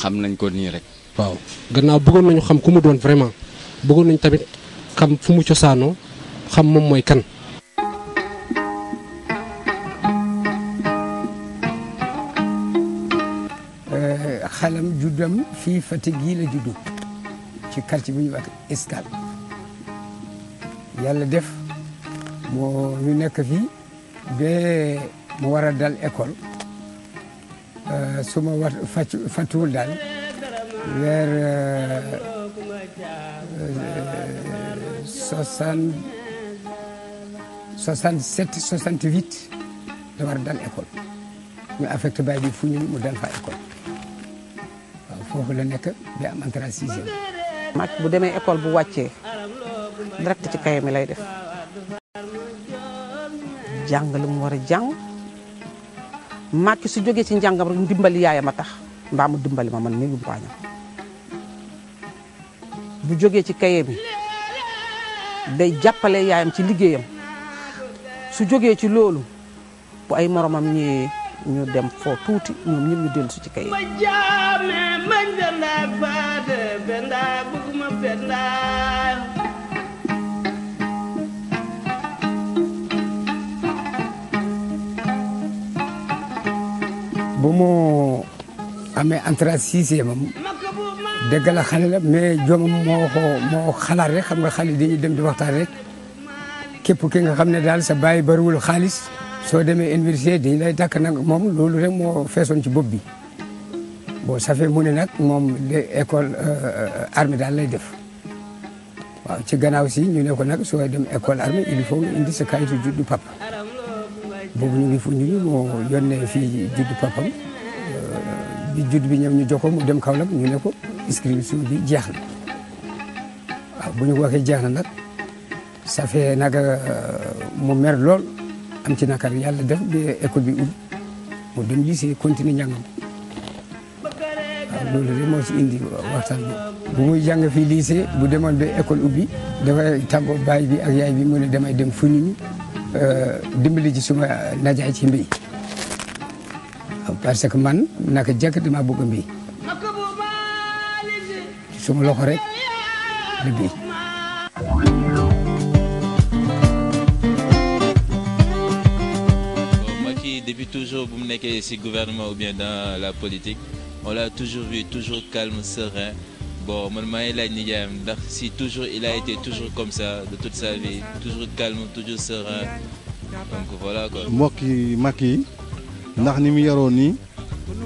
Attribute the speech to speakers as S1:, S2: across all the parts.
S1: xam nañ ko nii rek. waaw gannaaw bëggoon nañu xam ku mu doon vraiment bëggoon nañu tamit xam fu mu cosaanoo xam moom mooy kan. Euh, xalam juddam fii Fatick gii la juddu ci quartier bi ñuy wax Escale yàlla def moo ñu nekk fii ba mu war a dal école. Euh, su ma war fàttuwul daal weer euh, euh, soixante soixante sept soixante huit la war a dal école ñu affecté baay bi fu ñu mu dal fa école foofu la nekk bi am
S2: entrée sixième. mac bu demee école bu wàccee direct ci kayam mi lay def jàng lu mu war a jàng. Macky su joge ci njàngam rek ndimbali yaayam a tax mbaa mu dimbali ma man mi yumpaañam bu jógee ci kaye bi day jàppale yaayam ci liggéeyam su jógee ci loolu bu ay moromam ñëwee ñu dem foo tuuti ñoom ñu dellu su ci kaye bi
S1: bu moo amee entrée sixième moom dëgg la xale la mais jomam moo ko moo xalaat rek xam nga xale dañuy dem di waxtaan rek képp ki nga xam ne daal sa bàyyi bariwul xaalis soo demee université dañ lay dàkk nag moom loolu rek moo feesoon ci bopp bi bon ça fait mu ne nag moom école euh, euh, armée daal lay def waaw ci gannaaw si ñu ne ko nag soo dem école armée il faut indi sa kayitu juddu papa boobu ñu ngi Foundiougne moo yónnee fii judd papam euh, bi judd bi ñoom ñu jokkoo mu dem Kaolack ñu ne ko inscription bi jeex na waaw bu ñu ko waxee jeex na nag ça fait nag euh, mu mer lool am ci nakar yàlla def ba école bi ubbi mu dem lycée continuer njàngam waaw loolu de moo si indi waxtaan bi bu muy jàng fii lycée bu demoon ba école ubbi dafay tàggoo baay bi ak yaay bi mu ne damay dem ni dimbali ci suma najaay ci mbi parce que man nak jekk dama bëgg mbi suma loxo rek li bi
S2: Macky depuis toujours bu mu nekkee ci gouvernement ou bien dans la politique on l'a toujours vu toujours calme serein bon man maa ngi laaj nijaayam ndax si toujours il toujours comme ça de toute sa vie toujours mbokk yi yi ndax ni mu yaroo nii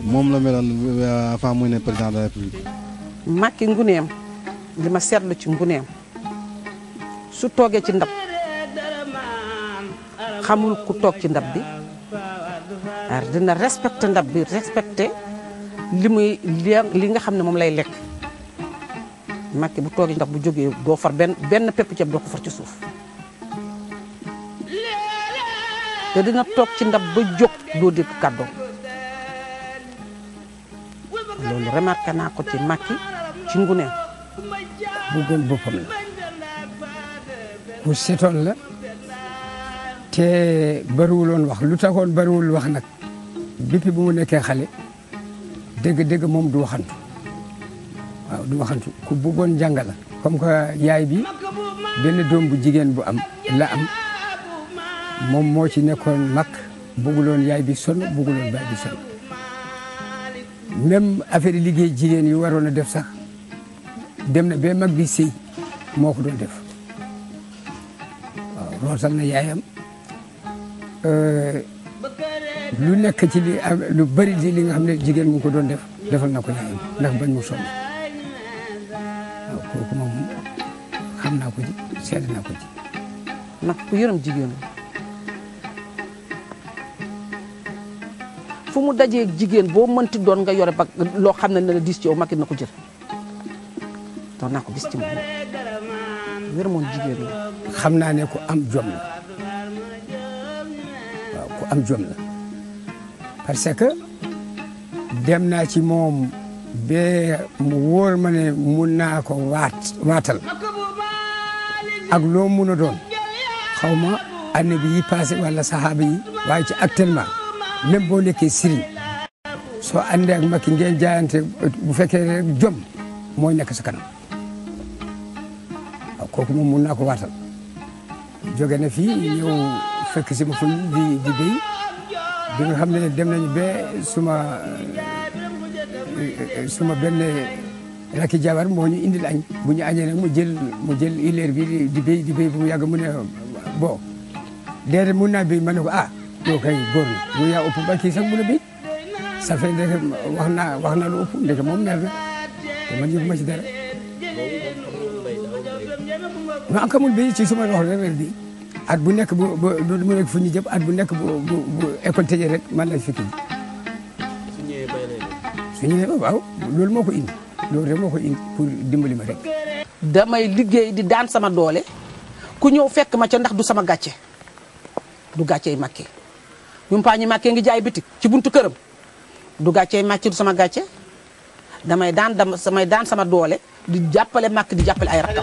S2: moom la meloon avant muy ne président de la république. Macky li ma seetlu ci nguneem su toogee ci ndab xamul ku toog ci ndab bi dina respecté ndab bi respecté li muy li nga xam ne moom lay lekk. Macky bu toogee ndax bu jógee doo far benn benn pepp ceeb doo ko far ci suuf te dina toog ci ndab ba jóg doo dégg kàddoom loolu remarqué naa ko ci Macky ci ngune
S1: bu gën boppam la bu setoon la te bariwuloon wax lu taxoon bariwul wax nag depuis bu mu nekkee xale dégg-dégg moom du waxantu waaw du ma xantu ku bëggoon jàng la comme que yaay bi benn doom bu jigéen bu am la am moom moo ci nekkoon mag bëgguloon yaay bi sonn bëgguloon baay bi sonn même liggéey jigéen yi waroon a def sax dem na ba mag bi sëy moo ko doon def waaw rootal na yaayam euh, lu nekk ci li lu bari di li nga xam ne jigéen mu ngi ko doon def defal na ko yaayam ndax bañ mu sonn waaw kooku moom xam naa ko ci seet naa ko ci.
S2: mag ku yërëm jigéen fu mu dajee jigéen boo mënti doon nga yore ba loo xam ne ne la diis ci yow makit na ko jël
S1: doon naa ko gis ci moom wér moom jigéen la. xam naa ne ku am jom la waaw ku am jom la parce que dem naa ci moom. be mu wóor ma ne mun naa ko waat waatal
S2: ak loo mun a doon
S1: xaw ma annabi yi passé wala sahaaba yi waaye ci actuellement même boo nekkee Syrie soo àndee ak Macky ngeen jaayante bu fekkee rek jom mooy nekk sa kanam waaw kooku moom mun naa ko waatal jóge na fii ñëw fekk si ma fu di di béy bi nga xam ne dem nañu ba suma Euh, suma benn rakki jabar moo ñu indil añ bu ñu añee nag mu jël mu jël ileer bi di béy di béy bu mu yàgg mu ne bon déedéet mun naa béy ma ne ko ah yow kay góor na yow yaa ëpp ba kii sax mun a béy ça wax naa wax naa lu ëpp moom na te man yëgu ma ci dara ma am xamul béy ci suma loxo rek bi at bu nekk bu bu mu nekk fu ñu jëm at bu nekk bu bu école tëjee rek man la fi kii ñu loolu moo ko indi loolu rek moo ko indi dimbali ma
S2: rek. damay liggéey di daan sama doole ku ñëw fekk ma ca ndax du sama gàcce du gàccey Macky ñun paa ñi Macky ngi jaay bitik ci buntu këram du gàccey Macky du sama gàcce damay daan dama samay daan sama doole di jàppale Macky di jàppale ay rakkam.